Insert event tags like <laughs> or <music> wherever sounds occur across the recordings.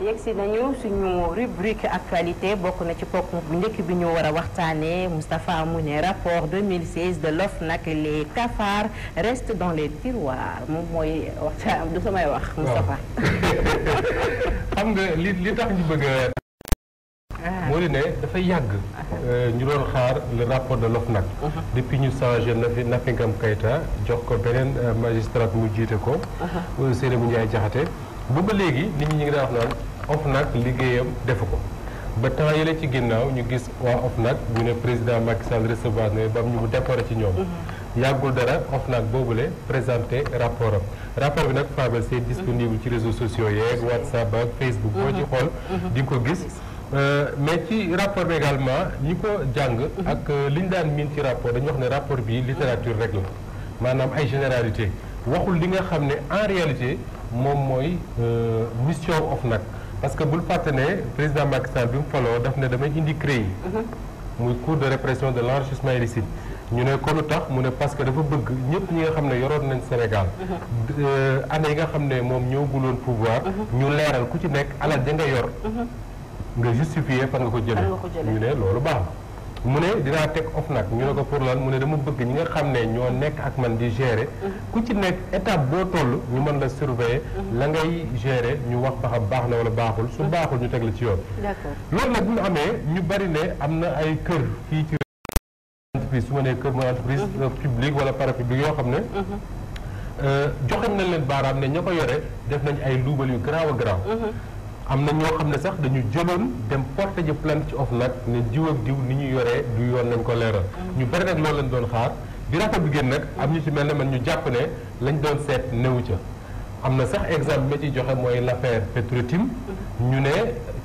yegsi nañu suñu rubrique actualité bokk na ci pokk bu njëkk bi ñu war a waxtaanee Moustapha mu ne rapport 2016 de l'OFNAC les cafards restent dans les tiroirs moom mooy waxtaan du samay wax. Moustapha <laughs> xam nga li li tax ñu bëgg ah. moo di ne dafay yàgg. Euh, ñu doon xaar le rapport de nag uh-huh. depuis ñu changé Nafi Nafingam Keïta jox ko beneen euh, magistrat mu jiite ko. Uh-huh. Euh, Seynabou Ndiaye Diakhaté ba ba léegi nit ñi ñu ngi wax naan. nag liggéeyam defu ko ba temps yële ci ginnaaw ñu gis waa nag bu ne président Macky Sall recevoir ne ba mu décoré ci ñoom. Mm-hmm. yàggul dara nag boobule présenté rapport am rapport bi nag Fabel c'est mm-hmm. disponible ci réseau sociaux yeeg mm-hmm. WhatsApp ak Facebook. boo ci xool di nga ko gis. Euh, mais ci rapport bi également ñi ko jàng. ak euh, li ñu daan miin ci rapport dañu wax ne rapport bi littérature rek la maanaam ay généralité waxul li nga xam ne en réalité moom mooy euh, mission OFNAC. parce que bul fàtte ne président Macky bi mu faloo daf ne damay indi CREI. Mhm. muy cour de répression de l'enrichissement illicite. ñu ne ko lu tax mu ne parce que dafa bëgg ñëpp ñi nga xam ne yoroon nañ Sénégal. Mhm. Euh, année yi nga xam ne moom ñëwaguloon pouvoir. Mhm. ñu leeral ku ci nekk alal ja nga yor. nga justifier fan nga ko jëlee. ñu ne loolu baax mu ne dinaa teg nag ñu ne ko pour lan mu ne dama bëgg ñi nga xam ne ñoo nekk ak man di gérer. ku ci nekk étape boo toll ñu mën la surveiller. la ngay gérer ñu wax ba baax na wala baaxul su baaxul ñu teg la ci yoon. d'accord loolu nag amee ñu bari ne am na ay kër fii ci entreprise su ma nee kër mooy entreprise mhm. publique wala parapublique yoo xam ne. Mhm. Euh, joxoñ nañ leen baaraam ne ña ko yore def nañ ay luubal yu garaaw a garaaw. Mhm. am na ñoo xam ne sax dañu jëloon dem porté ji plainte ci OFNAC ne jiw ak diw ni ñu yoree du yoon lañ ko leeral. ñu bari nag lañ doon xaar bi rapport bi génn nag am ñu ci mel ne man ñu jàpp ne lañ doon seet newu ca am na sax exemple ma ci joxe mooy l'affaire Petro-Tim ñu ne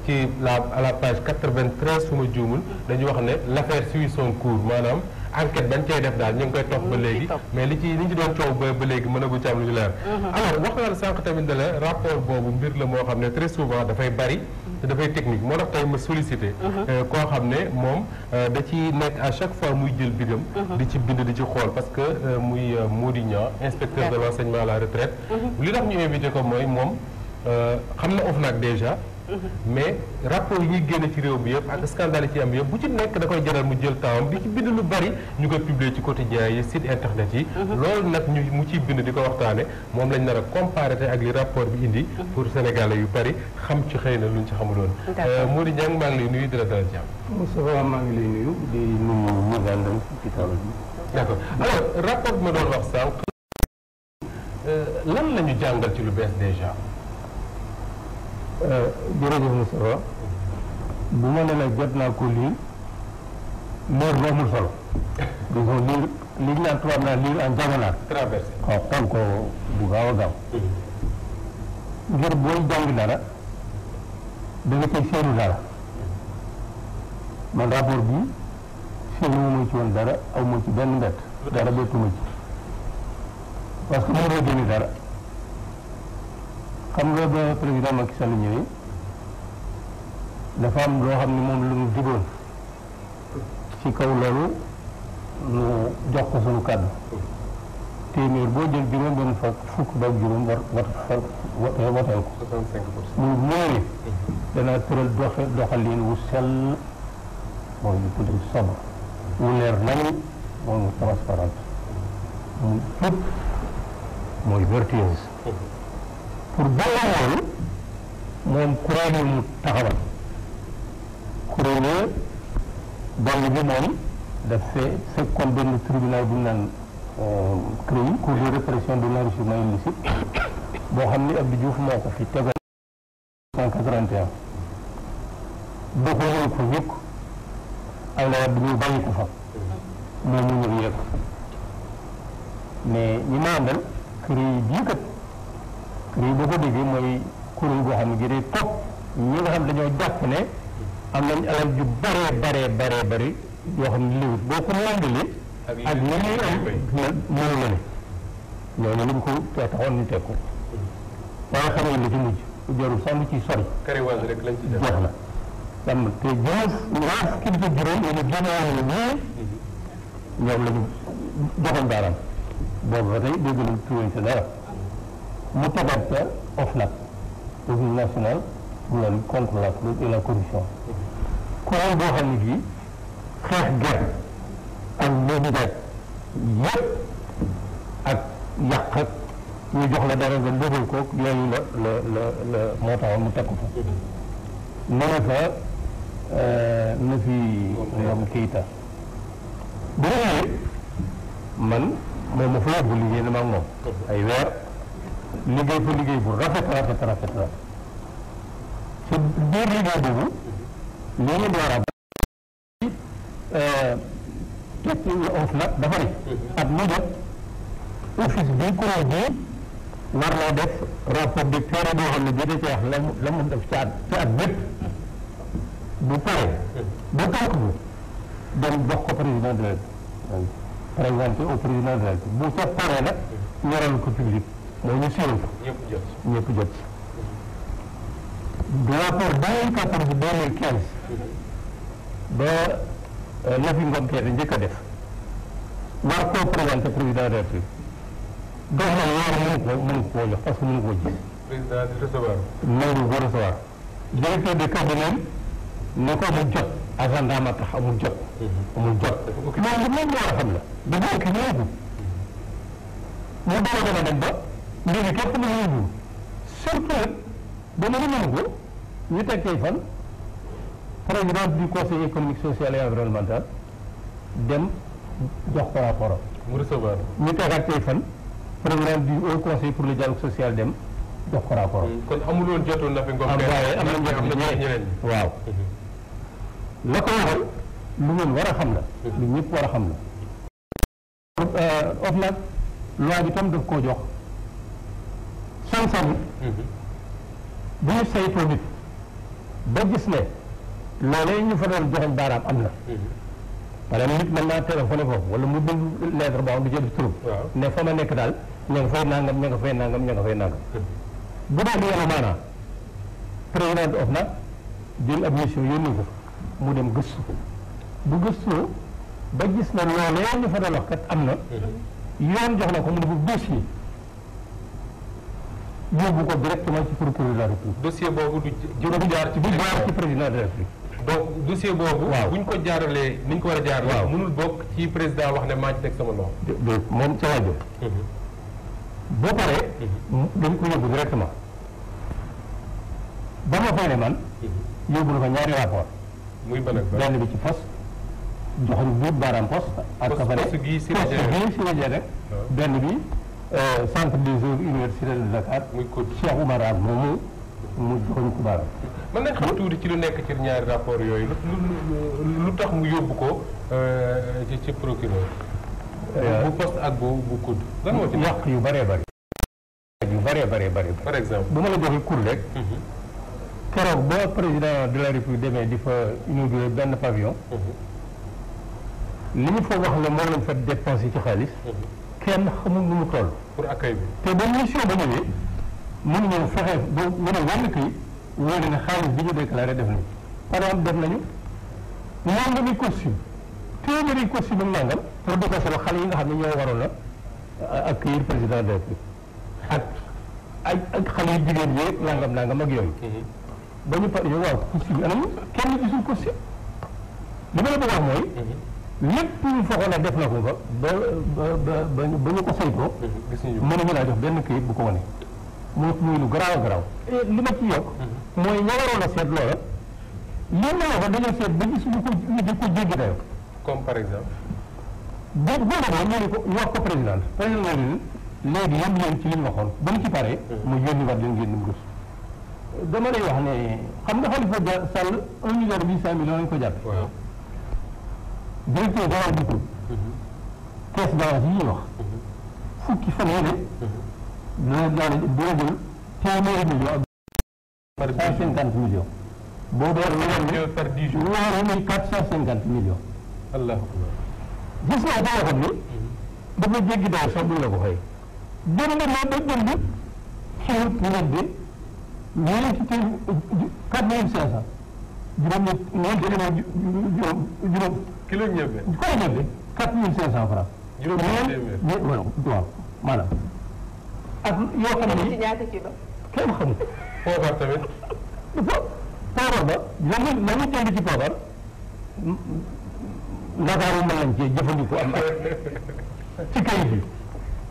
ci la à la page 93 su ma juumul dañu wax ne l'affaire suit son cours maanaam. enquête bañ cee def daal ñu ngi koy topp ba léegi mais li ci li ñu ci doon coow ba ba léegi mën a gu ci am lu leer mhm. alors wax nga la sànq tamit ne la rapport boobu mbir la moo xam ne très souvent dafay bari te dafay technique moo tax tey ma sollicité mhm. euh, koo xam ne moom euh, da ci nekk à chaque fois muy jël bigam mhm. di ci bind di ci xool parce que euh, muy Mody Niang inspecteur de l'enseignement à la retraite li tax ñu invité ko mooy moom xam na OFNAC déjà mais rapport yi ñuy génne ci réew mi yëpp ak scandale yi ci am yëpp bu ci nekk da koy jaral mu jël temps bi ci bind lu bari ñu koy publier ci quotidien yi site internet yi mhm. lool nag ñu mu ciy bind di ko waxtaane moom lañ nar a ak li rapport bi indi mhm. pour sénégalais yu bari xam ci xëy na lu luñ ci xamuloon euh, Modou Niang maa ngi lay nuyu di la dalal jàmm Moustapha maa ngi lay nuyu di nuyu Magal Ndao ci table bi d'accord alors rapport bi ma doon wax sànq euh, lan lañu jàngal ci lu bees déjà jërëjëf Moustapha bu ma nee nag jot naa ko lii leer bu amul solo du ko lire li ñu naan tubaab naa lire en diagonale. traversé ko bu gaaw a gaaw. ngir booy jàng dara da nga koy seenu dara man rapport bi seenu ma ci woon dara aw ma ci benn mbett dara bettuma ci parce que moo doon dara. xam nga ba président Macky Sall ñëwee dafa am loo xam ne moom lu mu digoon ci kaw loolu ñu jox ko sunu kàddu téeméer boo jël juróom benn fa fukk ba juróom war war fa ko mu mooy danaa tëral doxe doxalin wu sell mooy ñu tudd sob wu leer nañu mooy mu transparent mu jub mooy vertueuse pour dalal loolu moom kuréel yi mu taxawal kuréel benn bi moom daf fee fekkoon benn tribunal bu naan euh, CREI cour de répression de l'enrichissement illicite boo xam ni Abdou Diouf moo ko fi tegal 1981 boo ko ñëw ko yëg ay ko fa moom mu ñëw yëg mais ñi ma àndal CREI bii lii boo ko déggee mooy kuréel goo xam ne gi day topp ñi nga xam dañoo jàpp ne am nañ alal ju baree baree baree bari yoo xam ne liwut boo ko màndalee ak li ñuy am mënu la ne ñooñu lañ ko taxoon ñu teg ko waaye xam nga li ci mujj jarul sax lu ci sori jeex na dam te juróom ñaar fukki bi ak juróom yéen a génnoon ñii mhm. ñoom la ñu joxoon baaraam boobu ba tey dégg nañ tuuti dara mu tegal ca OFNAC Office national pour la lutte contre la fraude et la corruption kuréel boo xam ne bii xeex ger ak léegi daaj yëpp ak yàq ak ñu jox la dara nga mbëgal ko yooyu la la la la moo taxoon mu teg ko fa ne na fa euh, na fi ñoom Keita bu ma man moom ma fa yàgg liggéey na ma ak moom ay weer liggéey fa liggéey bu rafet rafet rafet rafet ci biir liggéey boobu li ñu door a euh, ci tekki of nag dafa office bi kuréel bi war loo def rapport de terrain boo xam ne la mu la mu def ci at ci at bépp bu bu tànk bi ko président de la présenté au président de la bu ca pare nag ñoral ko public moo ñu siiw ñëpp jot ñëpp jot du rapport 2014 2015 ba euh, la fi ngom keete njëkk a def war koo présenté président de république dox na waar mënu ko mënu koo jox parce que mënu koo jël président di recevoir nangu ko recevoir directeur de cabinet ne ko amul jot agenda ma tax amul mhm. war a xam la dafa okki ñëwgu mhm. mu dama dama ba mbir mi képp lu yóbbu surtout nag ba mu mën ko ñu teg tey fan président du conseil économique social et environnemental dem jox ko rapport mu recevoir ñu tegaat tey fan programme du haut conseil pour le dialogue social dem jox ko rapport kon amul woon jotoon na fi nga ne am na ñeneen waaw mhm. la ko waxal lu ngeen war a xam na mhm. lu ñëpp war a xam la euh, of nag loi bi tam daf koo jox sincère bi bu ñu saytoo nit ba gis ne loolee ñu fa doon joxoñ baaraam am na maanaam naa téléphoné foofu wala mu bind lettre boo xam nekk daal ña nga fay nangam nangam ña fay nangam bu dee lu yàlla ko mu dem gëstu ko bu gëstoo ba am na yoon jox na ko mu ne bu dossier yóbbu ko directement ci procureur de la République. boobu du jaar ci. président ci président de la République. boobu. waaw bu ñu ko jaaralee ni ko war a jaaralee. waaw mënul bokk ci président wax ne maa ci teg sama loxo. moom ca wàllu. Mhm. boo paree. Mhm. dañ ko yóbbu ba man. Mhm. yóbbu na fa ñaari rapport muy ban ak ci fos. joxoon buut baaraam fos. ak si la benn bi. Euh, centre des œuvres universitaires de Dakar. muy ko Cheikh Oumar Anne moomu mu joxoñ ko baaraam. mën xam tuuti ci lu nekk ci ñaari rapport yooyu lu tax mu yóbbu ko euh, ci ci procureur. Euh, bu poste ak bu bu yàq yu bëree bare yu bëree par exemple bu ma la joxee cour rek. Mhm. keroog ba président de la république demee di fa inauguré benn pavillon. Mhm. li ñu fa wax ne moom lañ fa yi ci xaalis. Mhm. kenn xamul nu mu toll. pour accueil bi. te ba mission ba ñëwee mën nga fexe ba mën a wàllu kii wóor na xaalis bi ñu déclaré def nañu. par exemple def nañu nangami costume téeméeri costume ak nangam pour di ko solo xale yi nga xam ne ñoo waroon a accueillir président de la ak ak ak xale yu jigéen ñi nangam nangam ak yooyu. Mhm. ba ñu pare yow waaw costume anam kenn gisul costume li ma la bëgg wax mooy. Mhm. lépp ñu foxoon a def na ba ba ba ko saytoo. Mhm. gis nañu mënuñu laa benn këyit bu ko wane. muy muy lu eh, ci mhm. mooy seet loola. li ma waxoon ba gis ñu ko ko jéggi dayoo. comme ne ko ñu wax ko ci li ñu waxoon ba mu ci paree. Mhm. mu yónni waat leen dama lay wax ne xam nga Xalifa Sall un milliard huit cent millions lañ ko jàpp. directeur garage bi caisse garage yi ñuy wax fukki fan yi ne dana daana dana jël million ak cent million boo dee quatre cent million allah gis naa ko waxoon ni dafa jéggi daal sax buñ la ko fay jënd na ba jënd xew ñebe ñeenti téeméer quatre mille cinq cent juróom ñett juróom kilo ñebbe. kilo ñebbe quatre mille cinq cent francs. juróom-ñi waaw ak yoo xam ne. ci ñaata kilo. kenn xamul. poobar tamit. ba la mu la mu ci poobar. Ndakaaru mën nañ cee am ci kayit bi.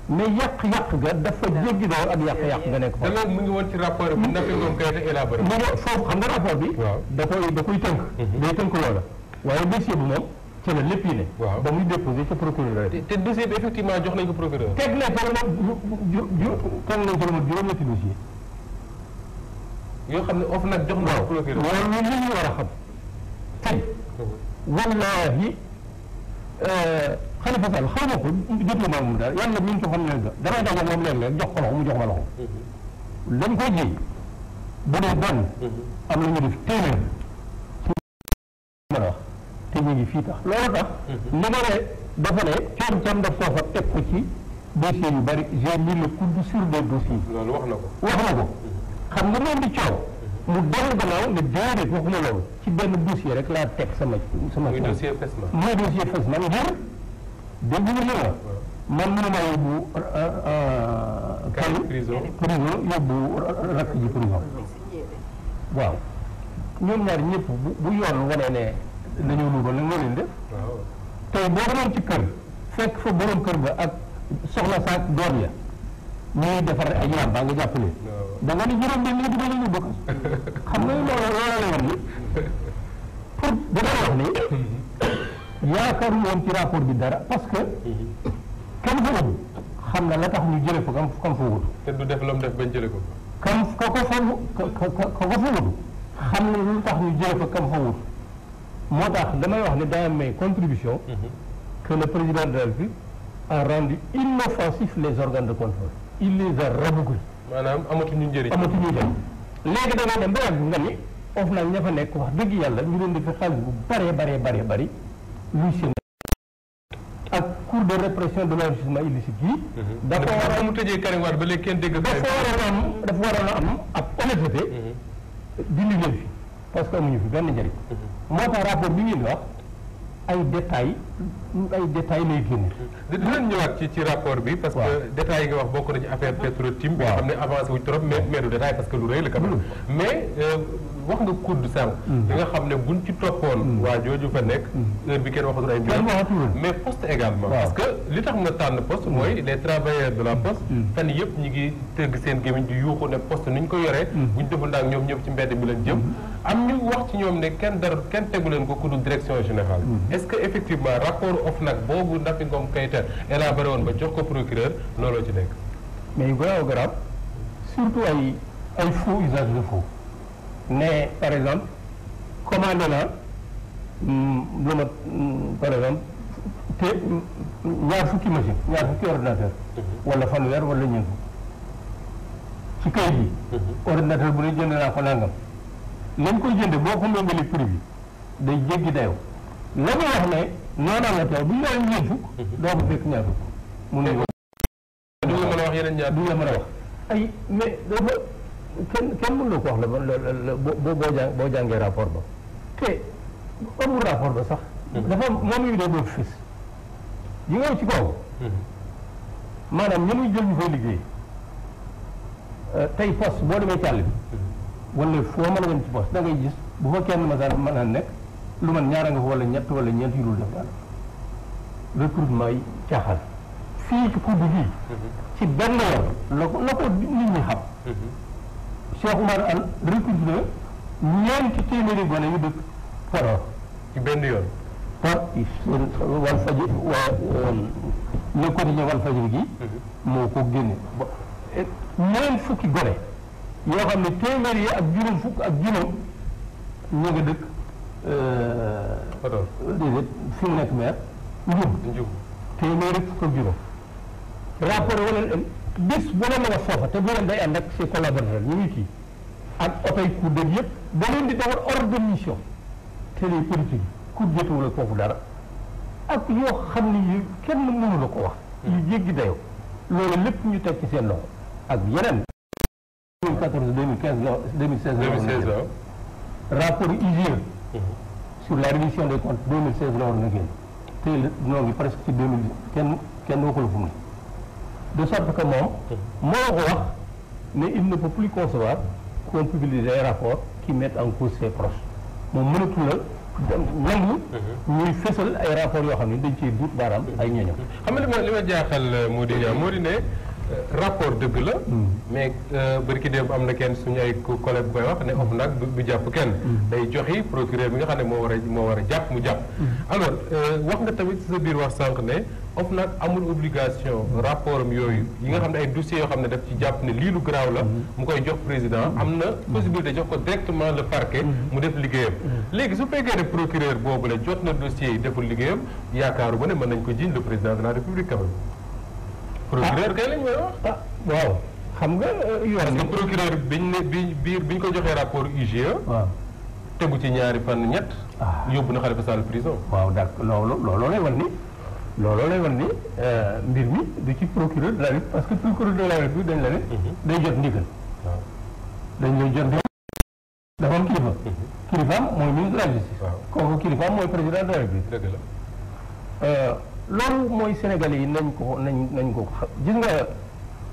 mais yàq-yàq ga dafa jéggi door ak yàq-yàq nga nekk. da mu ngi woon ci rapport bi Nafi mu ngi foofu xam nga rapport bi. da koy da koy tënk. Mhm. day tënk loola waaye dossier bi moom. ca la lépp yi ne. waaw ba muy déposé procureur la. te dossier bi effectivement jox nañ ko procureur. teg nañ ko la ma nañ ko la ma juróom-ñetti dossier. yoo xam ne of nag jox na ko procureur. waaw loolu li ñu war a xam. tey wallaahi euh, Khalifa Sall xaw ma ko jotuma ma moom daal yàlla mi ngi joxoon leen damay daw moom léeg jox ko loxo mu jox ma loxo. lañ mhm. ko ji bu dee ban. Mhm. am na ñu yi fii tax loolu tax mhm. li ma ne dafa ne coom coom daf koo fa teg ko ci dossiers yu bari j'ai mis le coude sur des dossiers wax na ko mhm. xam nga moom di coow mu dellu gannaaw ne déedéet waxuma loolu ci benn dossier rek laa teg sama sama mooy dossier FESMA ma man mënuma yóbbu euh, euh, kayu prison yóbbu rakk ji prison waaw ñoom ñaar ñëpp bu yoon wane ne dañoo nuubal nag loolu leen def tey boo doon ci kër fekk fa borom kër ga ak soxla saak doom ya ñuy defar ay yàmba nga jàppale da nga ni juróom benn di ba la ñu bokk xam nga loolu loolu la war ni pour da nga wax ni yaakaaru woon ci rapport bi dara parce que kenn fa wut xam na la tax ñu jële ko kam kam fa wut te du def lam def bañ jële ko kam ka ko fa ka ko fa wut xam na lu tax ñu jële ko kam fa wut moo tax damay wax ne dans mes contribution mm-hmm. que le président de la République a rendu inoffensifs les organes de contrôle il les a rabougris maanaam amatuñu njëriñ amatuñu njëriñ léegi danaa dem ba yàgg nga ni of naag ña fa nekk wax dëgg yàlla ñu leen di fi xaalis bu baree baree baree bëri luy seen ak cour de répression de l'enrichissement illicite yi mm-hmm. dafa war a mu tëjee Karim Wade ba léegi kenn dégg dafa waroon a am am ak honnêteté mm-hmm. di liggéey parce que amuñu fi benn njëriñ. Mhm. moo tax rapport bi ngeen di wax ay détails ay détails lay génne. dinañ ñëwaat ci ci rapport bi. parce que détails yi nga wax bokk na ci affaire Petro-Tim. xam ne avancé wuñ trop mais mais du détail parce que lu rëy la. Hmm. mais euh, wax nga kudd sànq. li mm. nga xam ne bu buñ ci toppoon. Mm. waa jooju fa nekk. Mm. bi kenn waxatul ay mbir. mais poste également. parce que li tax nga tànn poste mooy les travailleurs de la poste. fan yëpp ñu ngi tëgg seen gémmiñ di yuuxu ne poste ni ñu ko yoree. buñ deful daal ñoom ñëpp ci mbedd bi leen jëm. am ñu wax ci ñoom ne kenn dara kenn tegu leen ko ku dul direction générale. est-ce que effectivement rapport OFNAC boobu Nafi Ngom Keïta élaboré woon ba jox ko procureur looloo ci nekk. mais yu garaaw garaaw surtout ay ay faux usage de mais par exemple commandé na mm, lu mm, par exemple te mm, ñaar fukki machine ñaar fukki ordinateur mhm. wala fanweer wala ñeent fukk ci kayit bi mhm. ordinateur bu ne jënd naa ko nangam lañ koy jënde boo ko méngalee prix bi day jéggi dayoo la wax ne noonaa nga tey bu ñu naan fukk mhm. doo ko fekk ñaar fukk mun nañu du la mën a wax yeneen ñaar du mën a wax kenn kenn mën na ko wax la boo boo jàngee rapport ba te amul rapport ba sax. Mhm. dafa moom yu dee boobu fis yi nga ci kaw. Mhm. maanaam ñun ñu jël ñu fay liggéey euh, tey poste boo demee càll bi mhm. wala foo mën a dem ci poste da ngay gis bu fa kenn masaan mën a nekk lu man ñaara nga fa wala ñett wala ñeent yu dul def daal recrutement yi caaxaan fii ci Poundou fii ci benn yoon la ko la ko nit ñi xam Cheikh Oumar Anne recruté ñeenti téeméeri gone yu dëkk Podor. Ah, ci benn yoon. par wal fajir um, wal fajir gi. Mhm. moo ko génne. ba ñeent fukki gone yoo xam ne téeméer yi ak juróom fukk ak juróom ñoo nga dëkk. Euh, ak fukk ak juróom. rapport wala. bis boo leen la foofa te boo leen day ànd ak ses collaborateurs ñu ngi kii ak otoy kuréel yëpp da leen di de mission te les politiques ku jotewul foofu dara ak yoo xam ne yi kenn mënu la ko wax yu jéggi dayoo loolu lépp ñu teg ci seen loxo ak yeneen 2014 2015 2016 2016 rapport IGE mm-hmm. su la révision des comptes 2016 la war na génn te noo ngi presque ci 2000 kenn kenn waxul fu mu ne de sorte que moom moo ko wax ne il ne peut plus concevoir qu'on publie des rapports qui mettent en cause ses proches moom mënatu la nangu ñuy fësal ay rapports yoo xam ne dañ cee duut baaraam ay ñooñam xam nga li ma li ma jaaxal moo di yaa moo di ne rapport dëgg la. mais euh, barki démb am na kenn suñu ay collègue koy wax ne OFNAC bu jàpp kenn. day joxi procureur bi nga xam ne moo war a moo war a jàpp mu jàpp. alors euh, wax nga tamit sa biir wax sànq ne OFNAC amul obligation rapport am yooyu yi nga xam ne ay dossiers yoo xam ne daf ci jàpp ne lii lu garaaw la. mu koy jox président am na possibilité jox ko directement le parquet. mu def liggéeyam. léegi su fekkee ne procureur boobu la jot na dossier yi deful liggéeyam yaakaaru ba ne mën nañ ko jiiñ le président de procureur ah, kay lañ koy ah, waaw xam nga yoon. Euh, parce que procureur biñ ne bi biir biñ ko joxee rapport IGE. waaw tegu ci ñaari fan ñett. Ah. yóbbu na Khalifa Sall prison. waaw d' loolu looloo lay wan ni looloo lay wan ni euh, mbir mi du ci procureur de la République parce que procureur de la République dañ la ne. Mhm. dañ lay jot ndigal. dafa kilifa. Mhm. kilifaam mooy ministre de la kooku kilifaam mooy président de la République. dëgg la. Euh, loolu mooy sénégal yi nañ ko nañ nañ ko gis nga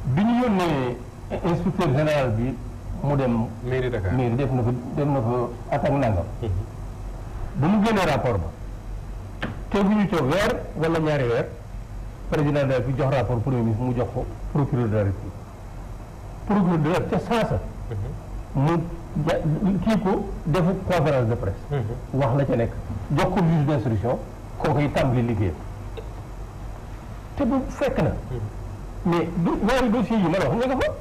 bi ñu yónnee inspecteur général bi mu dem. mairie def na fa def na fa attaque nangam. ba mu génnee rapport ba teguñu ca weer wala ñaari weer président de bi jox rapport premier mu jox ko procureur de la procureur de la ca saasa. Mhm. mu kii ko defu conférence de presse. Mhm. wax la ca nekk jox ko juge d'instruction kooku itam li te bu fekk na mais du ñaari dossiers yi ma la wax nga nga fa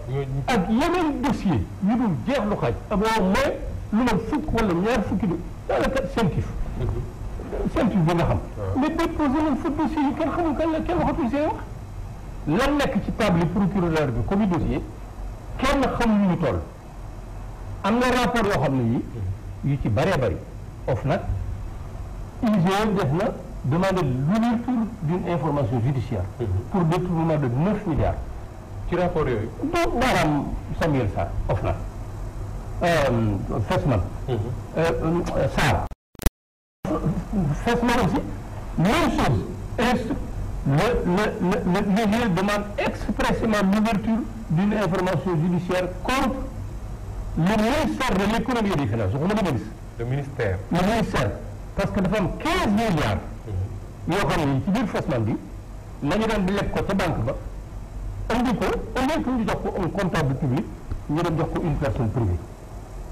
ak yeneen dossier yu dul jeex lu xaj ak waaw mooy lu ma fukk wala ñaar fukki du daanaka sentif mhm. sentif bi nga xam mais déposé nañ fa dossiers yi kenn xamul kan la kenn waxatul seen wax lan nekk ci table procureur bi comme dossier kenn xamul ñu toll am na rapport yoo xam ne yi mhm. yu ci bëree bëri of nag IGE def na demande l'ouverture d'une information judiciaire mhm. pour détournement de neuf milliards ci rapport yooyu donc maanaam Samuel Sarr Ofnac euh, Fesman mhm. euh, Sarr aussi même chose est le le le le juge demande expressément l'ouverture d'une information judiciaire contre le ministère de l'économie et des finances waxuma le ministre le ministère le ministère parce que dafa am 15 milliards yoo xam ne ci biir Fasman bi nañu daan di leb ko ca banque ba indi ko au moins que ñu jox ko un comptable public ñu dem jox ko une personne privée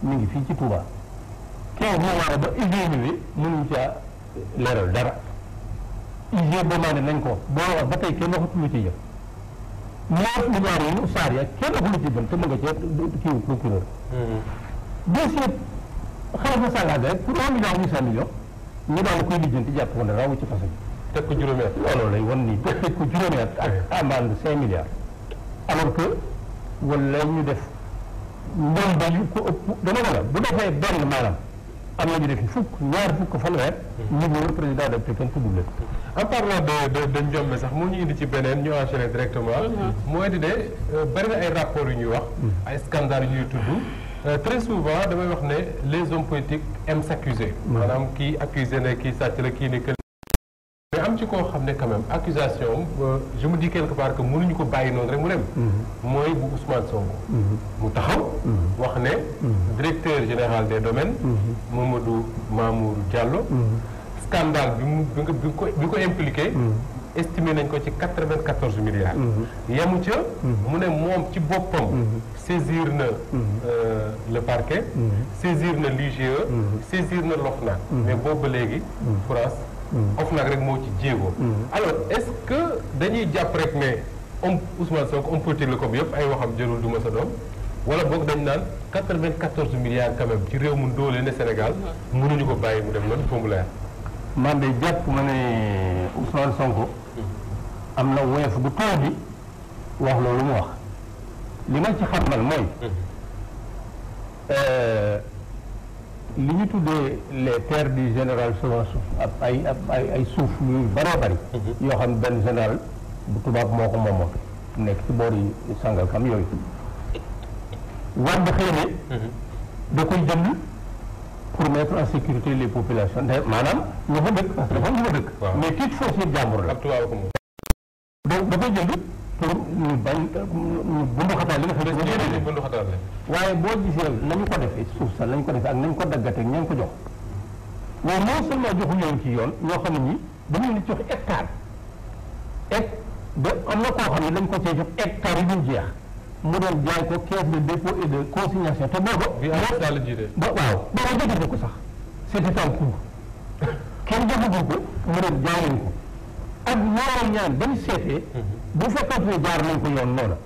mu ngi fii ci Touba. kii moo war a ba évolué mënuñ caa leeral dara UG boobu nañ ko boo war ba tey kenn waxatu lu ci yëf moo li ñaar yi saar ya kenn waxu lu ci dem te mu nga cee kii procureur mm-hmm. dossier xalaat na sàngaat rek pour un million huit cent millions ñu daan koy lijjanti jàpp ko ne rawu ci fas yi. teg ko juróomi at. loolu lay wan nii teg ko juróomi at ak amende <laughs> cinq milliards. alors que wala ñu def ndam ba yu ko ëpp dama ne la bu defee benn maanaam am na ñu def fukk ñaar fukk fanweer. niveau le président de Pékin tudd leen. en parlant de de de Ndiome sax moo ñu indi ci beneen ñu enchaîner directement. Mm-hmm. moo di de euh, bari ay rapports yu ñuy wax. Mm. ay scandales yu ñuy Euh, très souvent damay wax ne les hommes politiques aiment s'accuser maanaam kii accusé ne kii sàcc la kii ne que mais am ci koo xam ne quand même accusation euh, je me dis quelque part que mënuñu ko bàyyi noonu rek mu dem mm-hmm. mooy bu Ousmane Sonko mm-hmm. mu taxaw mm-hmm. wax ne directeur général des domaines Mamadou Mamour Diallo scandale bi mu bi ko bi ko impliqué estimé nañ ko ci quatre vingt quatorze milliards. Mhm. yemu ca. Mhm. mu ne moom ci boppam. Mhm. saisir na euh, le parquet. saisir na l'IGE. saisir na l'OFNAC. mais boobu ba léegi. France OFNAC rek moo ci jéego. alors est-ce que dañuy jàpp rek ne homme Ousmane Sonko homme politique la comme yëpp ay waxam jëlul du ma sa doom. wala boog dañ naan 94 milliards quand même ci réew mu doole ne Sénégal mënuñu ko bàyyi mu dem noonu foofu mu leer. man de jàpp ma ne Ousmane Sonko. am na woyof bu taw bi wax loolu mu wax li ma ci xamal mooy euh, li ñu tuddee les terres du général souvent suuf ay ay ay suuf yu bëree mhm. yoo xam benn général bu tubaab moo ko moomoon nekk ci boor yi Sangalkam yooyu Wàdd xëy na mhm. da koy jënd pour en sécurité les populations maanaam ñu fa dëkk parce que dëkk mais titre foncier jàmbur la donc da koy jënd pour ñu bañ bundu xataal li nga xam ne waaye boo gisee nañu ko defee suuf sax lañ ko defee ak nañ ko daggatee ña ko jox mais non seulement joxuñu leen ci yoon ñoo xam ne nii dañu leen jox hectare hec ba am na koo xam ne ko cee jox hectare yi duñ jeex mu doon jaay ko caisse de dépôt et de consignation te booba. bii ba waaw booba joxatu ko sax c'était en cours kenn joxatu ko mu doon jaay leen ko. ak ñaanal ñaan ba ñu seetee bu fekkoon ne jaar nañ ko yoon loola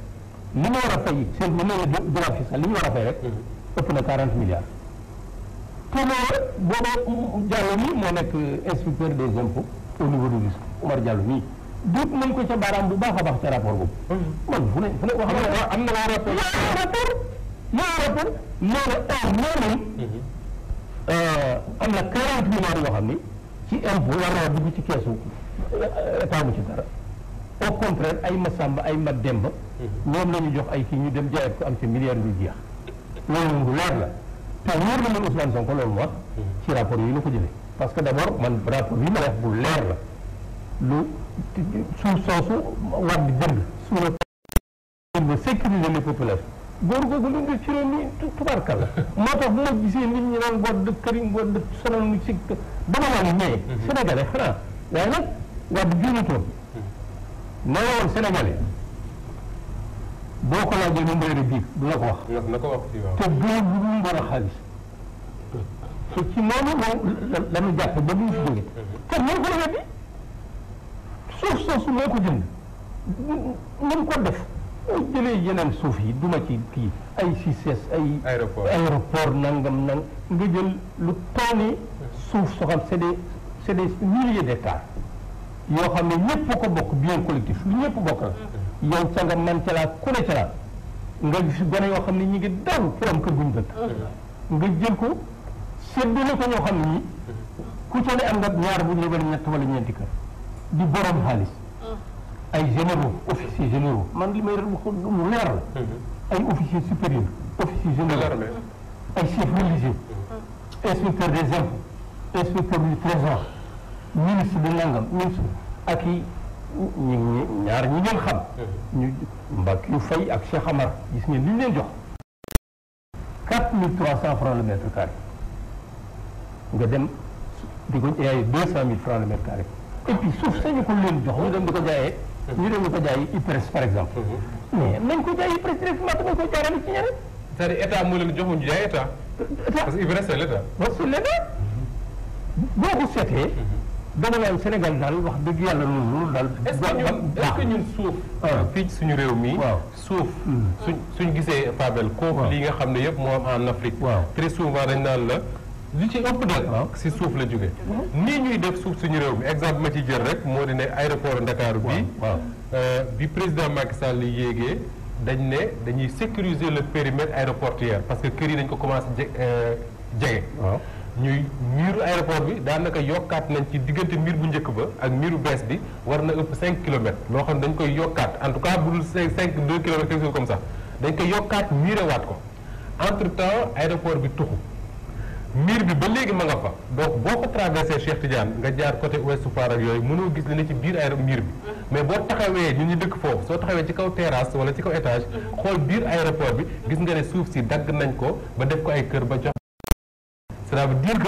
li ñu war a fay seen li ñu droit fiscal li ñu a fay rek ëpp na 40 milliards te loolu boobu Diallo mii moo nekk inspecteur des impôts au niveau du risque Omar Diallo mii duut ko ca baaraam bu baax a baax rapport boobu man fu ne fu ne am na waa rapport yaa euh, xam ne ci impôt dugg ci keesu état mu ci dara au contraire ay Masamba ay ma Demba ñoom la ñu jox ay kii ñu dem jaayat ko am ci milliards yu jeex loolu moom leer la te wóor na man Ousmane Sonko loolu mu ci rapport yi la ko jëlee parce que d'abord man rapport yi ma wax bu leer la lu suuf soosu war di jënd suuna ba sécuriser les populations góor googu lu ñu ci réew mi tubarkal la moo tax bu ma gisee nit ñi naan góor këriñ góor dëkk sonal dama naan mais mhm. sénégalais xanaa waaye nag Wade juumutoon la woon Sénégalais boo ko laajee moom mooy biir du la ko wax. na ko wax te mu mën a xaalis ci moom la jàpp ba mu jógee mm-hmm. te moom ko suuf soosu moo ko jënd mën ko def mu jëlee yeneen suuf yi ma ci kii ay CICES ay. aéroport aéroport nangam nang nga jël lu toll mm-hmm. suuf soo xam c'est des. c'est des milliers d'hectares yoo xam ne ñëpp ko bokk bien collectif lu ñëpp bokk la yow ca nga man ca laa ku ne ca nga gis gone yoo xam ne ñu ngi daw ci am kër guñ dëkk nga jël ko ñoo xam ne ñi ku ca ne am nga ñaar bu ñu wala ñett wala ñeenti kër di borom xaalis ay généraux officiers généraux man li may mu leer la ay officiers supérieurs officiers généraux mm-hmm. inspecteur des inspecteur du ministre di nangam ministre ak i ñu ñaar ñi ngeen xam. Mhm. ñu mbak yu fay ak Cheikh Amar gis ngeen li leen jox. 4300 francs le mètre carré nga dem di ko jaayee 200000 francs le mètre carré et puis suuf ko leen jox ñu dem di ko jaayee. Mhm. ñu dem di ko jaayee IPRES par exemple. Mhm. mais nañ ko jaayee IPRES directement te bañ ko jaarale ci ñeneen. c'est-à-dire état moo leen joxuñu jaay état. état parce que IPRES c'est boo ko seetee. dama naan Sénégal daal wax dëgg yàlla loolu daal. est-ce que ñun est-ce ñun suuf. Ah. fii suñu réew mi. suuf. Hmm. suñ suñ gisee Fabel. waaw lii nga xam ne yëpp moo am en Afrique. très souvent dañ naan la. li ci ëpp daal si suuf la jóge hmm. nii ñuy def suuf suñu réew mi exemple ma ci jël rek moo di ne aéroport Ndakaaru bi euh, bi président Macky Sall yéegee dañ ne dañuy sécuriser le périmètre aéroportuaire parce que kër yi dañ ko commencé jege euh, waaw ñuy miiru aéroport bi daanaka yokkaat nañ ci diggante miir bu njëkk ba ak miiru bees bi war na ëpp 5 kilomètres loo xam dañ koy yokkaat en tout cas bu dul 5 5 2 kilomètres quelque chose dañ koy yokkaat miirewaat ko entre temps aéroport bi tuxu miir bi ba léegi ma nga fa donc boo ko traversé Cheikh Tidiane nga jaar côté ouest Foire ak yooyu mënoo gis li ne ci biir aéro miir bi mais boo taxawee ñun ñu dëkk foofu soo taxawee ci kaw terrasse wala ci kaw étage xool biir aéroport bi gis nga ne suuf si dagg nañ ko ba def ko ay kër ba jox cela veut dire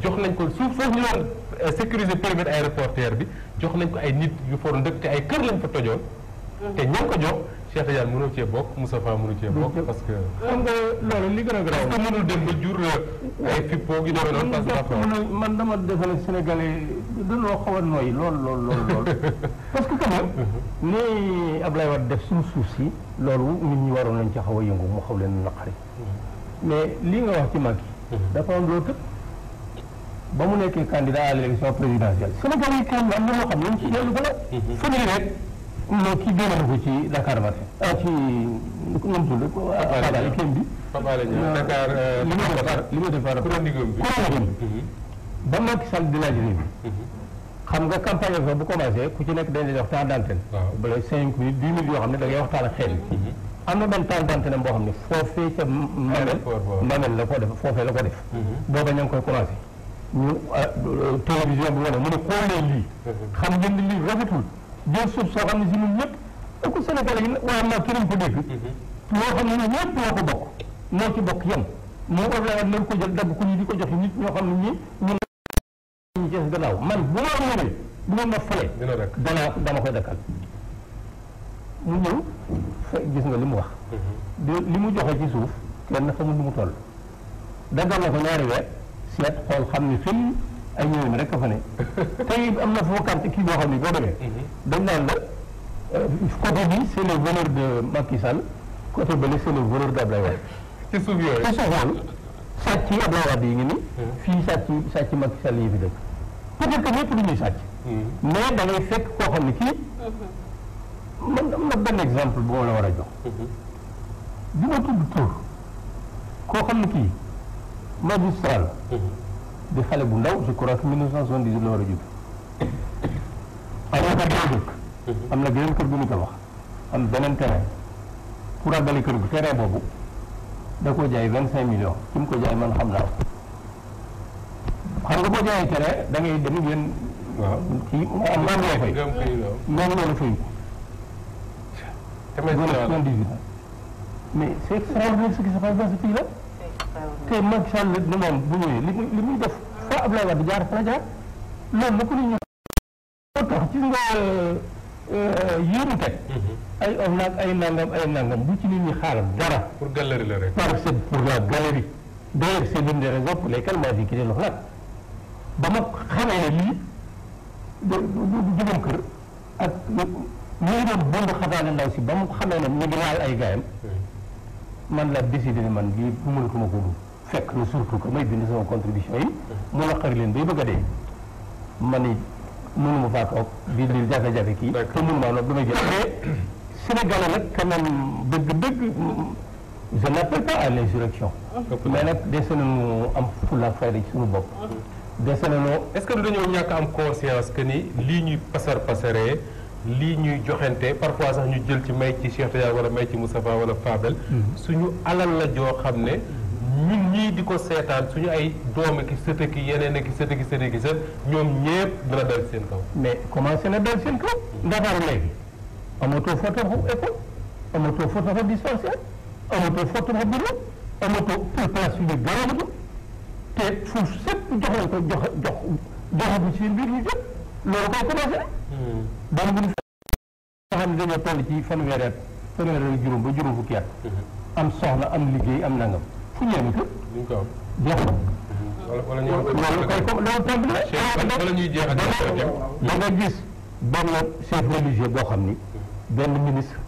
jox nañ ko suuf soofu ñu doon euh, sécuriser périmètre aéroportuaire bi jox nañ ko ay nit yu foru dëkk te ay kër lañ fa tojoon mm. te ñoo ko jox Cheikh Tidiane mënoo cee bokk Moussa Fall mënoo cee bokk mm-hmm. parce que xam nga loolu li gën a garaaw mënul dem ba jur euh, ay fippoo gi demee noonu man dama defal Sénégalais dañoo loo a nooy lool lool lool lool <laughs> parce que quand même mm-hmm. ni def suñu suuf si loolu nit ñi waroon nañ ci xaw a yëngu mu xaw leen naqari mm-hmm. mais li nga wax ci mag Mhm. dafa am loo tëb ba mu nekkee candidat à l' élection présidentielle Sénégal yi kenn am na loo ci a mhm. Dakar ba ah ci nu mu tudd. Fapal yi kenn bi. Ah, euh, ma defar li ma defar. bi chronique bi. Mhm. ba Macky Sall di laaj réew mi. xam nga campagne bi bu commencé ku ci nekk dañ lay waxtaan d'antenne. waaw ba lay cinq minutes dix minutes yoo xam ne da waxtaan ak xel. am na benn temps d'antenne boo xam ne foofee ca mamel mamel la ko def foofee la ko def mm-hmm. booba ña koy commencé ñu euh, télévision bi wane mu ne xoolee lii mm-hmm. xam ngeen lii rafetul jël suuf soo xam ne si ñun ñëpp ëku Sénégal yi waa naa keneen ko dégg mm-hmm. loo xam ne ñun ñëpp ñoo ko bokk moo ci bokk yem moom Abdoulaye ko jël dagg ko nii di ko jox nit ñoo xam ne ñi ñun ñi ci gannaaw man bu ma ñëwee bu ma ma fale dana dama koy dakkal mu ñëw gis nga li mu wax. Mm-hmm. li mu joxe ci suuf kenn xamul nu mu toll. daggal na ko ñaari weer seet xool xam ni fii ay ñëwin rek a fa ne <laughs> tey am na foo kànt kii boo xam ne boo demee. Mm-hmm. dañ naan la euh, bi c' est le voleur de Macky Sall côté bële c' est le voleur d' <laughs> Ablaye Wade. ci mm-hmm. suuf yi fi dëkk. peut être du ñuy sàcc. mais da fekk koo xam ne kii. man am benn exemple bu ma la war a jox. Mhm. bi ma tudd tur koo xam ne kii magistrat mhm. di xale bu ndaw je crois que 1978 la war a judd. Mhm. am na dëkk. am gu beneen kër bu ñu tabax am beneen terrain pour àggali kër gu terrain boobu da koo jaay 25 millions ki mu ko jaay man xam naa ko xam nga boo jaayee terrain da dem ngeen. waaw kii moom moo fay moom moo fay. mais c'est extraordinaire ce qui se passe dans ce pays là. te Macky Sall ne moom bu ñëwee li muy li muy def fa Abdoulaye Wade jaar fa jaar loolu la ko nit ñi moo bu ci nit ñi xaaral dara. pour galerie la rek. parce que pour la galerie. d'ailleurs c'est l'une des raisons pour lesquelles maa fi créé L'OFNAC ba ma xamee lii de du kër mu ngi doon bund xataale ndaw si ba mu xamee ne mu ngi ay gaayam man la décidé ni man lii mënatuma ko dul fekk na surtout que may bind sama contribution yi mu la xari leen bay bëgg a dee man ni mënuma faa toog di lii jafe-jafe kii te mënuma noonu damay jël mais Sénégal nag quand même dëgg-dëgg je n'appelle pas à l'insurrection mais nag dese nañu am fulla fayda ci suñu bopp dese nañu est-ce que du dañoo ñàkk am conscience que ni lii ñuy pasar pasaree lii ñuy joxante parfois sax ñu jël ci may ci Cheikh Tidiane wala may ci Moustapha wala Fabel mm-hmm. suñu alal la joo xam ne ñun ñii di ko seetaan suñu ay doom ki sët ki yeneen ki sët ki sët ki sët ñoom ñëpp dana dal seen kaw. mais commencé na dal seen kaw. Dakar léegi amatoo photoxu école amatoo photoxu dispensaire amatoo photoxu bureau amatoo pour place yu ñu gën te fu sëpp jox lañ ko jox jox jox bu ci loolu koy commencé. doon bu ñu xam ne dañoo toll ci fanweeri at fanweeri mhm. am liggéey am na mhm. jeex ak da nga gis benn chef religieux boo xam ni mhm. benn ministre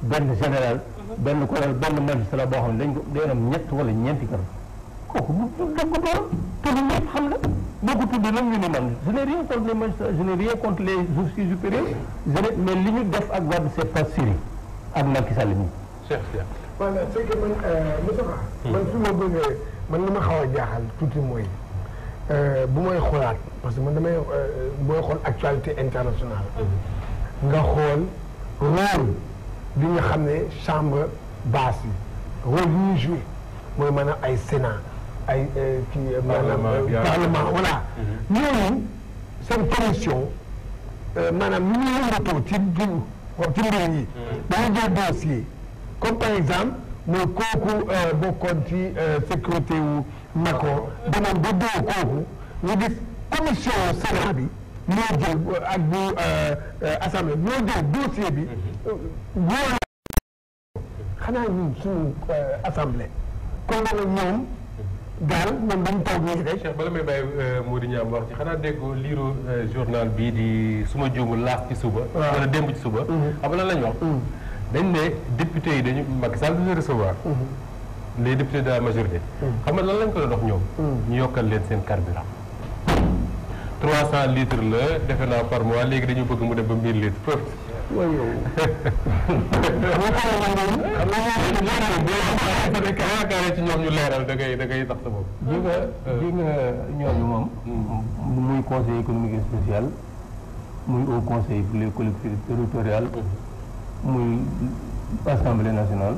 benn général benn colonel benn magistrat boo xam ne dañ ko day ñett wala ñeenti kër kooku mu dëgg doon te lu ñëpp xam na boo ko tuddee nag ñu ni man je n'ai rien contre les magistrats je n'ai rien def ak Wade se pas sérieux ak Macky Sall mi. voilà c'est man euh, Moustapha. Hmm. man su ma bëggee ma xaw a jaaxal tuuti mooy euh, bu may xoolaat parce que man damay euh, booy xool actualité internationale. Hmm. nga xool rôle bi nga xam ne chambre yi mooy maanaam ay Sénat. ay euh, kii. Euh, parlement euh, parlement voilà. Mhm. commission maanaam ñu ngi yëngatu ci ci ci mbir mhm. dossier comme par exemple mooy kooku bokkoon sécurité wu Macron demoon ba doo kooku commission Sénat bi. ñoo jël ak dossier bi. Mhm. ñoo daal man ba mu taw bi rek. Cheikh bala may bàyyi euh, Modou Niang wax ci xanaa déggoo liiru euh, journal bii di suma juumul laaf ci suba. wala démb ci suba. Mm-hmm. xam lan lañ wax. Mm-hmm. dañ ne député yi dañu Macky Sall du recevoir. Mm-hmm. les députés de la majorité. xam nga lan lañ ko doon dox ñoom. ñu yokkal leen seen carburant. 300 litres la defe naa par mois léegi dañu bëgg mu dem ba 1000 litres. waaw yow. boo ci ñoom ñu leeral da da ngay tax sa bopp. ji nga ji nga ñooñu moom. muy conseil économique social. muy au conseil pour les collectivités territoriales. muy assemblée nationale.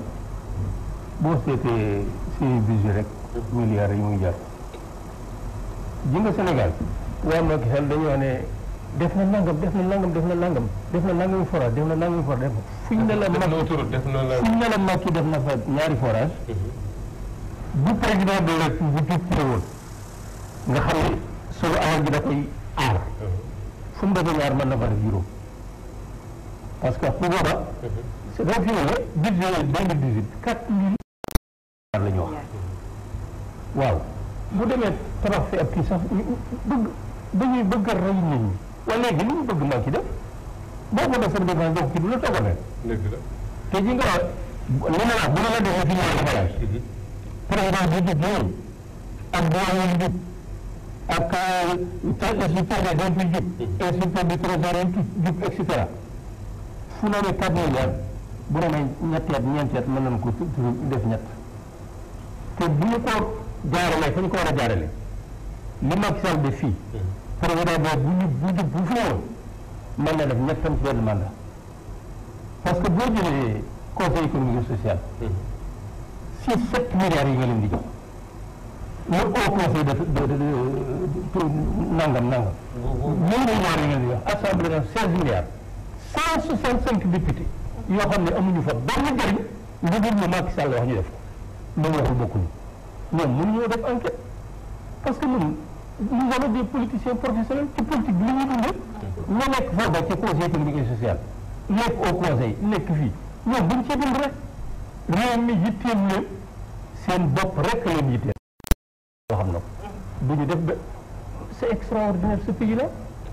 boo seetee seen budget rek. milliards yi muy jar. ji Sénégal. waa Macky Sall dañoo ne. def na nangam def na nangam def na nangam def na nangam forage def na nangam forage def fu ñu ne la Macky def na la fu ñu ne la Macky def na fa ñaari forage mhm. président de la nga xam ne solo alal ji da koy aar mhm. fu mu defee ñaar man na fa def juróom parce que bu boobaa mhm. c'est donc fi wax waaw bu demee tabax fi ab kii sax bëgg nit ñi wala léegi lu mu bëgg maa ci def boo ko def sama dépense doo ko du la toogal leen. dëgg la te ji nga wax li la bu ma la defee ci ñaari voyage. Mhm. président bi du jub et cetera. fu ne ne 4 milliards bu demee ñetti at ñeenti at mën nañu ko def ñett te bu ñu ko jaaralee fa ñu ko war a jaarale li Macky Sall def fii. Mhm. président boobu bu ñu bu fi woon mën na def ñett tam benn mandat parce que boo jëlee conseil économique et social. six sept milliards yi nga leen di jox. le haut conseil de de nangam nangam. ñoom milliards yi nga leen di jox assemblée def seize milliards. cent soixante cinq députés yoo xam ne amuñu fa benn njëriñ lu dul ne Macky Sall wax ñu def ko. lu mu waxul bokkuñu parce que ñun. nous avons des politiciens professionnels ci politique li ñu dundee. nga nekk foofa ci conseil technique et social nekk au conseil nekk fii ñoom buñ ci dund rek réew mi yitteem leen seen bopp rek leen yitteel. loo xam na bu ñu def ba c'est extraordinaire ce pays là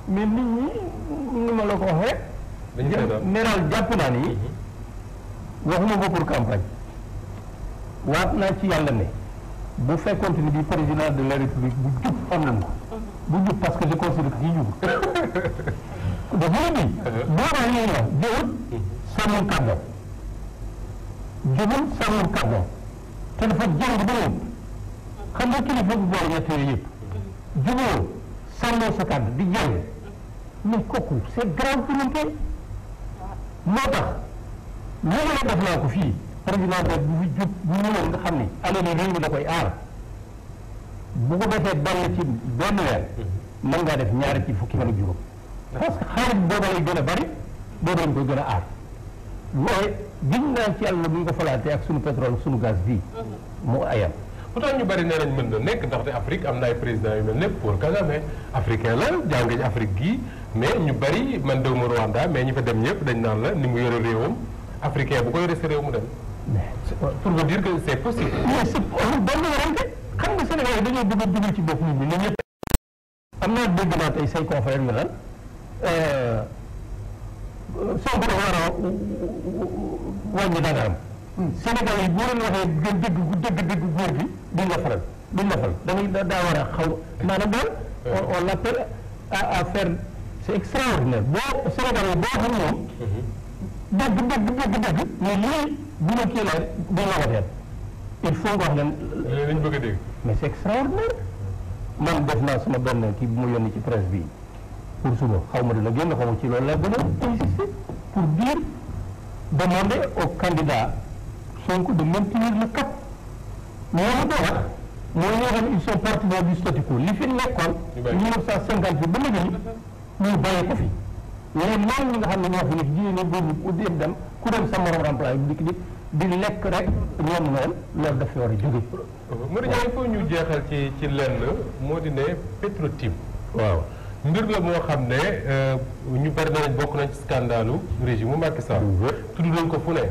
mais nit ni ma la ko waxee. dañu koy doon neral jàpp naa ni mhm. waxuma ko pour campagne waat naa ci yàlla ne. bu fekkonte ni bi président de la république bu jub am nañ ko. bu jub parce que je considère que kii jub. <laughs> dafa la nii. boobaa ñuy ñëw jëwul sàmmoon kàddo. jubul sàmmoon kàddo. te dafa jàng ba lépp. xam bu boor ñett yooyu yëpp. juboo sàmmoon sa kàddo di jàng. mais kooku c' est grave volonté. moo tax. loolu la def naa ko fii. président boobu bu jub bu ñëwoon xam ne alali mi da koy aar bu ko defee benn mën ngaa def ñaari ci fukki fan ak juróom parce que xaalis booba lay gën a bari booba lañ koy gën a aar waaye giñ naa ci yàlla bu ñu ko falaatee ak suñu pétrole ak suñu gaz bii mu ayam pourtant ñu bari nee nañ mën na nekk ndaxte Afrique am na ay président yu mel ne Paul Kagame africain la jàng ci Afrique gii mais ñu bari man dewuma Rwanda mais ñu fa dem ñëpp dañ naan la ni mu yore réewam africain bu ko yore sa réew mu dem pour vous dire que c'est possible. mais c' est bon na warante xam nga Sénégal yi dëgg dëgg dëgg góor bi duñ la xaw maanaam daal. on l' appelle à extraordinaire boo Sénégal yi boo xam moom. dëgg dëgg mais bu ma kii leen bu ma ko il faut nga wax leen. li ñu bëgg a mais c'est man def naa sama benn kii bu ma yónni ci presse bi pour suba xaw ma dina génn xaw ma ci loolu la gën a insister pour dire de maintenir le cap. moo ma ko wax mooy ñoo xam ils sont partisans du statu quo li fi nekkoon. ñu bàyyi 1950 bi ba léegi ñu bàyyi ko fi. xam ne ñoo xam ne jigéen ñi boobu dem. ku dem sa morom remplacé bu dikk di di lekk rek ñoom lool loolu daf fi war a jóge. Modou Ndiaye foofu ñu jeexal ci ci lenn moo di ne Petro-Tim waaw mbir la moo xam ne euh, ñu bari nañ bokk nañ ci scandalu régime Macky Sall. Mhm. tudd nañ ko fu ne.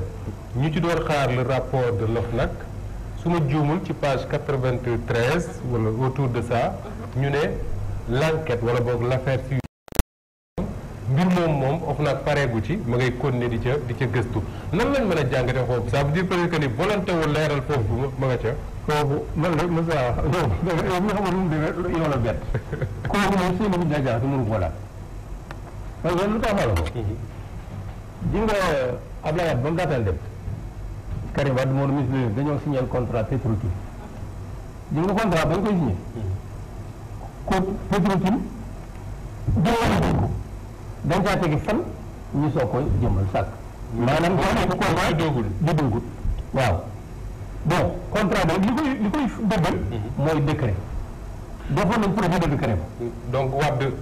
ñu ci doon xaar le rapport de nag su ma juumul ci page quatre-vingt-treize wala autour de ça ñu ne l'enquête wala boog l'affaire fi mbir foofu nag pareegu ci ma ngay continuer di ca di ca gëstu na lañ mën a jàngate foofu ça veut dire peut-être que ni volonté wu leeral man la ma saa wax non yow mi xamoon mu demee yow la moom seen bu ma la ko mhm. ba mu daataan dem Karim Wade moo ministre dañoo signé contrat Petrotim ji nga contrat bañ koy signé mhm. ko Petrotim jël nañ dañ caa tegi fan ñu soo ko jëmmal sàkk. maanaam daanaka contrat doogul doogul waaw bon contrat boobu li koy li koy dëggal. Mhm. mooy décret. defoon nañ projet de décret ba. donc wàdd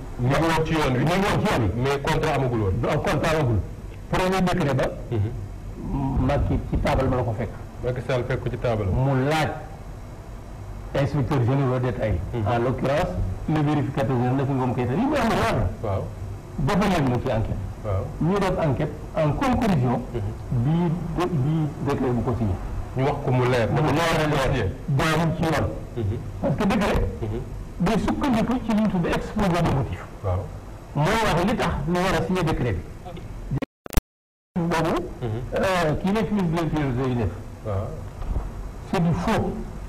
ci yoon wi. ñu ngi woon ci yoon wi mais contrat amagul woon. waaw contrat amagul projet décret ba. Mhm. Macky ci taabal ma la ko fekk. Macky Sall fekk ko ci taabal mu laaj inspecteur généraux d'État yi. Mhm. en l'occurrence le vérificateur général Nafi Ngom Keïta dafa leen mu fi enquête. waaw ñu def enquête en conclusion. Mhm. bii bii décret bu ko signé. mu leer. mu leer a leer jaarul ci yoon. Mhm. parce que décret. Mhm. day sukkandiku ci li ñu tuddee exposé des motifs. waaw mooy wax li war a signé décret bi. boobu. Euh, kii nekk ministre de l'Intérieur yooyu nekk. waaw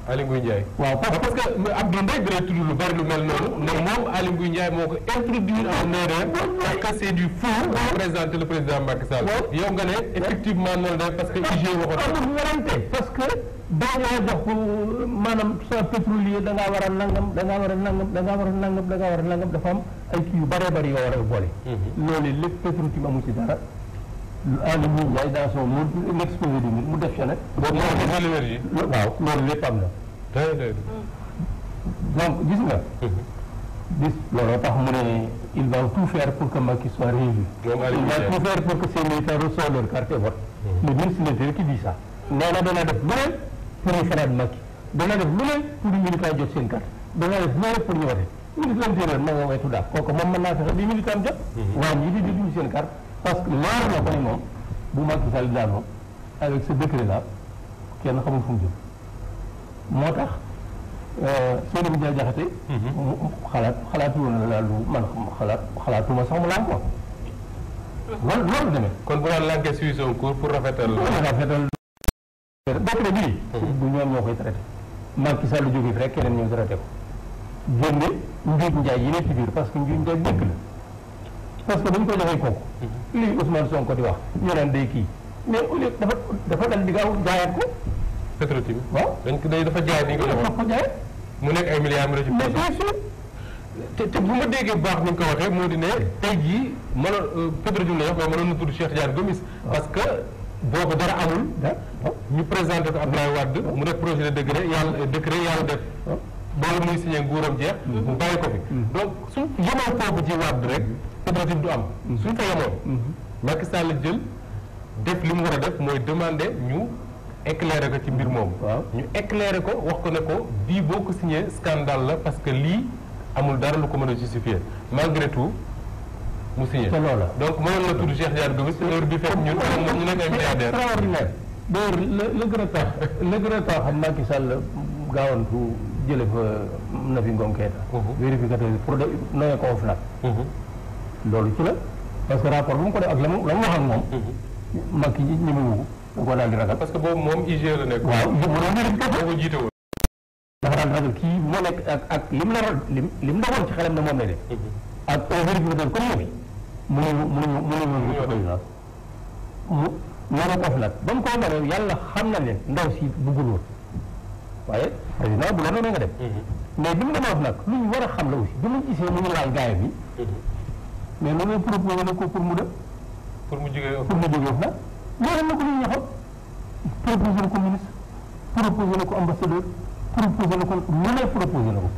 Aly Ngouille Ndiaye waaw parce que Abdou Mbaye dina tudd lu bari lu mel noonu ndax moom Aly Ngouille Ndiaye moo ko introduire en erreur parce que c'est du faux ah. présenter le président Macky Sall yow nga ne effectivement noonu la parce que IGE waxoon warante parce que doo war a jox maanaam pétrolier da ngaa a nangam da ngaa war a nangam da ngaa a nangam da ngaa war a dafa am ay kii yu bëree bëri yoo war a boole mhm. loolu lépp pétrole amul ci dara en le mouvement mu exposé du mu def ca nag. boobu waaw loolu lépp am na. donc gis nga. bis mhm. looloo tax mu ne il va tout faire pour que Macky soit réélu. il va tout faire pour que ses militaires reçoivent leur carte de vote. Mhm. le ministre de l'Intérieur qui dit saa nee na def lu ne pour ñu xalaat Macky dana def lu ne pour ñu militaire jot seen carte dana def lu ne pour ñu wote ministre de l'Intérieur moo wetu daal kooku moom mën naa fexe bi militaire jot. Mhm. waa ñii di déglu seen carte. parce que leer na ko ne moom bu Macky Sall daanoo avec ce décret là kenn xamul fu mu moo tax soo dem jaay jaxate xalaat xalaatu woon na daal lu man xalaat ma sax mu laal ko loolu loolu demee. kon bu doon lànkee suivi son cours pour rafetal. rafetal décret bii. Mhm. du ñoom ñoo koy traité. Macky Sall jógee fi rek keneen ñëw traité ko. génne njuuj njaay yi nekk ci biir parce que njuuj njaay dëkk la. parce que dañ ñu ko joxee kooku. lii Ousmane Sonko di wax ñu naan day kii mais au dafa dafa dal di gaaw jaayaat ko. Petro-Tim dañ ko dafa jaay ni mu nekk ay milliards mu mais bien sûr te te bu ma déggee bu baax ni nga ko waxee moo di ne tey jii mënoon euh, Petro-Tim la wax mais mënoon na tudd Cheikh Tidiane Gomis ah. parce que boo ko dara amul. Ah. Ah. ñu présenté ko Abdoulaye Wade mu def projet de décret yàlla décret yàlla def. boobu muy signé nguuram jeex. Mm-hmm. mu bàyyi ko fi. Mm-hmm. donc su yemee foofu ci Wade rek. Mm-hmm. coopérative du am. Mm-hmm. suñ fa yemoon. Mm-hmm. Macky Sall jël def li mu war a def mooy demande ñu éclairer ko ci mbir moom. ñu éclairer ko wax ko ne ko bii boo ko signé scandale la parce que lii amul dara lu ko mën a justifier malgré tout. mu signé donc mënoon na tudd Cheikh Diar Gomis heure bi fekk ñun ñu nekk ay milliardaire extraordinaire la gën a tax gën a tax xam Macky Sall gaawantu jële fa Nafi Ngom Keïta mhm. vérificateur bi pour de noyee ko OFNAC loolu ci la parce que rapport bu mu ko def ak la mu la mu moom. Macky ji ñeme wu ko da koo daal parce que boobu la nekk. waaw moom moom la jiite woon. dafa daal di ragal kii ak ak lim la lim lim dogoon ci xelam ne moom lay def. ak au vérificateur comme moom it mënuñu mënuñu mënuñu mënuñu président mu ñoo nag ba mu ko mënee yàlla xam na ne ndaw si bëggul woon waaye président bu la noonu nga dem. mais bi mu demee nag lu ñu war a xam la aussi bi mu gisee mu ñu laal gaay bi. mais loolu proposé na ko pour mu def. pour mu jógee pour mu jógee foofu nag na ko ñu ñaxal proposé na ko ministre proposé na ko na ko lu ne proposé na ko.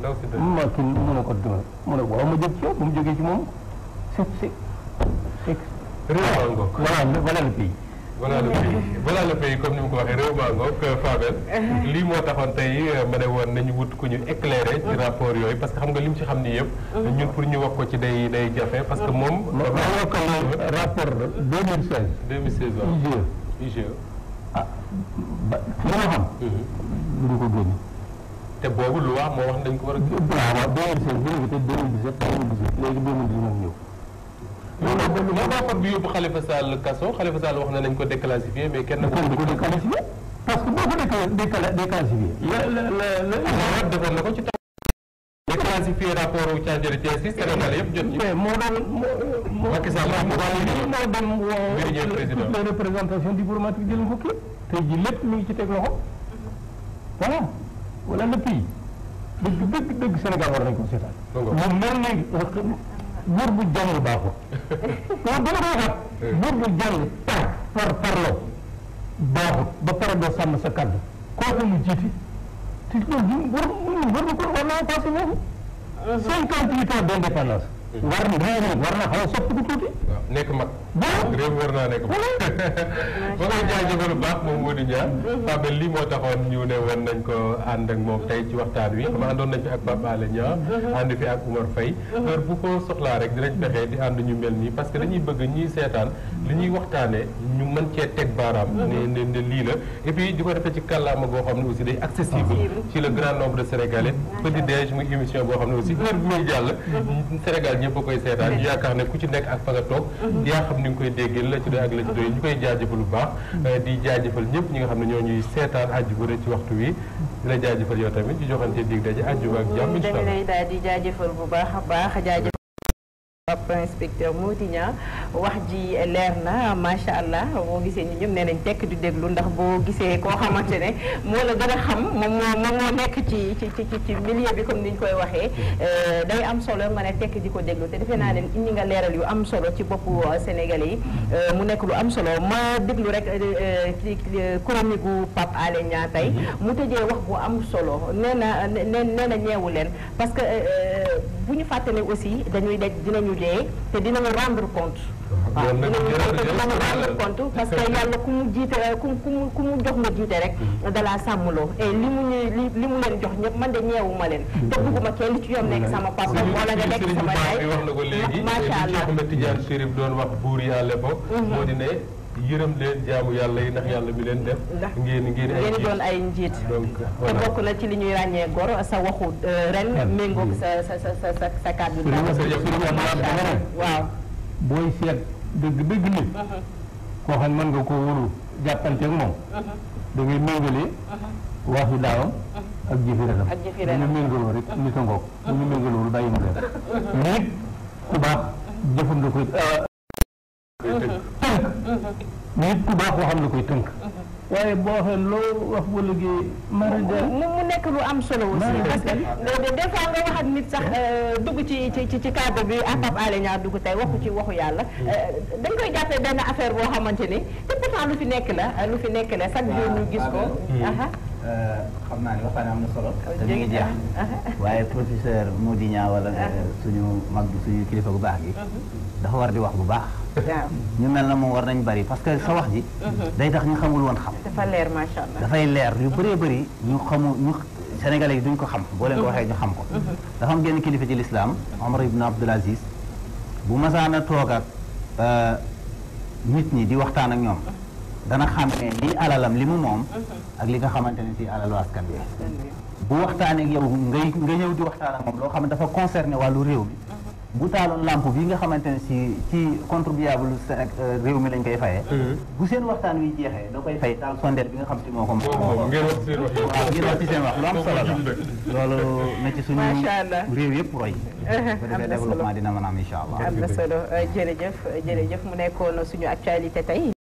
ndaw si mu ne ko dëgg mu ne waaw ma jóg ci yow mu jógee ci moom c'est c'est. réew mi waaw voilà le pays voilà le pays comme ni mu ko waxee réew maa ngoog Fabel uh-huh. lii moo taxoon tey uh, ma ne woon nañu wut ko ñu éclairer ci uh-huh. rapport yooyu parce que xam nga li mu ci xam ni yëpp uh-huh. ñun pour ñu wax ko ci day day jafe parce que moom moo ko rapport 2016 2016 waaw IGE e. ah li ma xam lu ko génne te boobu loi moo wax dañ ko war a waaw waaw 2016 bu nekk te 2017 2017 léegi 2019 ñëw non daa far bi yóbbu Khalifa Sall kaso Khalifa Sall wax na nañ ko déclassifié mais kenn. ko déclassifié parce que boo ko déclassifié. la la la defoon na ko ci taw. déclassifié rapport wu Thiadiély Thiès si Sénégal yëpp jot ñu. moo doon moo. Macky Sall moo la représentation diplomatique jël ko kii tey jii lépp mi ngi ci teg loxo voilà voilà le pays dëgg dëgg dëgg Sénégal war nañ ko seetaan. moom mel léegi buur bu jàngul baaxul waaw dama ko waxaat buur bu jàng par par parloo baaxul ba pare doo sàmm sa kàddu kooku mu jiiti te loolu war war na ko war naa passé foofu cinquante huit ans d'indépendance war na réew mi war na xaw a soppi tuuti. mag. réew war naa nekk mag. <laughs> ba ngay jaajëfal bu baax moom mhm. lii moo taxoon ñu ne woon nañ ko ànd ak moom tey ci waxtaan wi xam àndoon nañ fi ak Pape Alé mhm. ànd fi ak Umar Faye mhm. heure bu ko soxlaa rek dinañ fexe di ànd ñu mel nii parce que dañuy bëgg ñuy seetaan. li ñuy waxtaanee ñu man cee teg baaraam. Mhm. ne ne lii la et di ko defee ci kàllaama goo xam ne aussi day accessible. ci le grand nombre de sénégalais. Mhm. boo xam ne aussi heure bi muy jàll. Mhm. koy seetaan yaakaar ne ku ci nekk ak fa nga yaa xam ni nga koy déggee la ci doy ak la ci doy ñu koy jaajëfal bu baax. Euh, di jaajëfal ñëpp ñi nga xam ne ñoo ñuy seetaan àjjuma ci waxtu wi. di la jaajëfal yow tamit di joxante dig daje àjjuma ak jàmm. incha allah bu baax a inspecteur Moutignan wax ji leer na macha allah boo gisee ñu ñëpp nee nañ tekk di déglu ndax boo gisee koo xamante ne moo la gën a xam moom moo moom moo nekk ci ci ci ci bi comme ni ñu koy waxee euh, day am solo ma ne di ko déglu te defe naa ne indi nga leeral yu am solo ci boppu euh, Sénégalais yi euh, mu nekk lu am solo ma déglu rek ci chronique gu Pape Alé Niang tey mhm. mu tëjee wax bu am solo nee na nee na ñeewu leen parce que bu ñu fàttali aussi dañuy daj dinañu dee liggéeyee te dinañu rendre compte. waaw dinañu rendre compte parce que yàlla ku mu jiite ku mu mu jox nga jiite rek. dalaa sàmmloo et li mu ñu li mu leen jox ñëpp man de ñeewuma leen. te bugguma kenn ci yoon nekk sama papa wala nga nekk sama yaay. macha allah wax doon wax buur yàlla ko. moo di ne. yërëm leen jaamu yàlla yi ndax yàlla bi leen def. ngeen ngeen ay doon ay njiit. te bokk na ci li ñuy ràññee gor sa waxu euh, ren. Hmm. méngoog sa sa sa sa sa sa kàddu. waaw. booy seet dëgg dëgg nit. Uh-huh. koo xam mën nga koo wóolu jàppanteeg moom. Uh-huh. da ngay méngale. Uh-huh. waxu daawam. ak jëfiratam ak jëfiratam bu ñu méngaloo rek nit a ngoog bu ñu méngaloo bàyyi mu dem nit ku baax jëfam da koy tënk mais it ku baax waxam la koy tënk waaye boo waxee loo wax bu liggéey manager nekk lu am solo aussi parce que des fois nga wax ak nit sax eh? euh, dugg ci ci ci cadre bi ak Pape Alé Niang dugg tey waxu ci waxu yàlla mm. euh, dañ koy jàppee benn affaire boo xamante ni te lu fi nekk la euh, lu fi nekk la chaque jour ñu gis ah, mm. xam naa ne waxtaan am na solo oh, te mu ngi jeex waaye professeur Mody Niang wala suñu mag bi suñu kilifa bu baax gi mm-hmm. dafa war di wax bu baax ñu mel na moom war nañ bari parce que sa wax ji mhm. day tax ñu xamul woon xam dafa leer dafay leer yu bëree mhm. bëri ñu xamu ñu yi duñ ko xam boo leen mhm. waxee ñu xam ko dafa am genn kilifa ci lislaam Omar ibn Abdul Aziz bu masaana toog ak euh, nit ñi di waxtaan ak ñoom dana xam ne alalam li mu moom ak li nga xamante ne ci alalu askan bi bu waxtaanee ak yow ngay nga ñëw di waxtaan ak moom loo xam ne dafa concerné wàllu réew mi bu taaloon lampe bi nga xamante ne si ci contribuable euh, réew mi lañ koy faye mm-hmm. bu seen waxtaan wi jeexee da koy fay taal sondeel bi nga xam si moo ko. waaw ngeen wax seen wax waaw ngeen wax ci seen wax lu am la. loolu na suñu. macha réew yëpp roy. <laughs> bu defee développement dina mën a am incha allah. am na solo jërëjëf mu nekkoon suñu actualité tey.